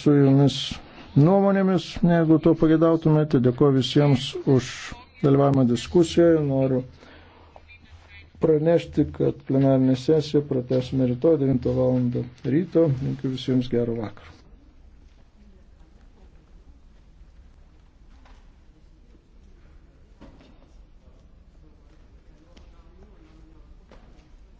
su jumis nuomonėmis, jeigu to pagėdautumėte. Dėkuoju visiems už dalyvavimą diskusijoje. Noriu pranešti, kad plenarinę sesiją pratęsime rytoj 9 val. ryto. Linkiu visiems gerą vakarą.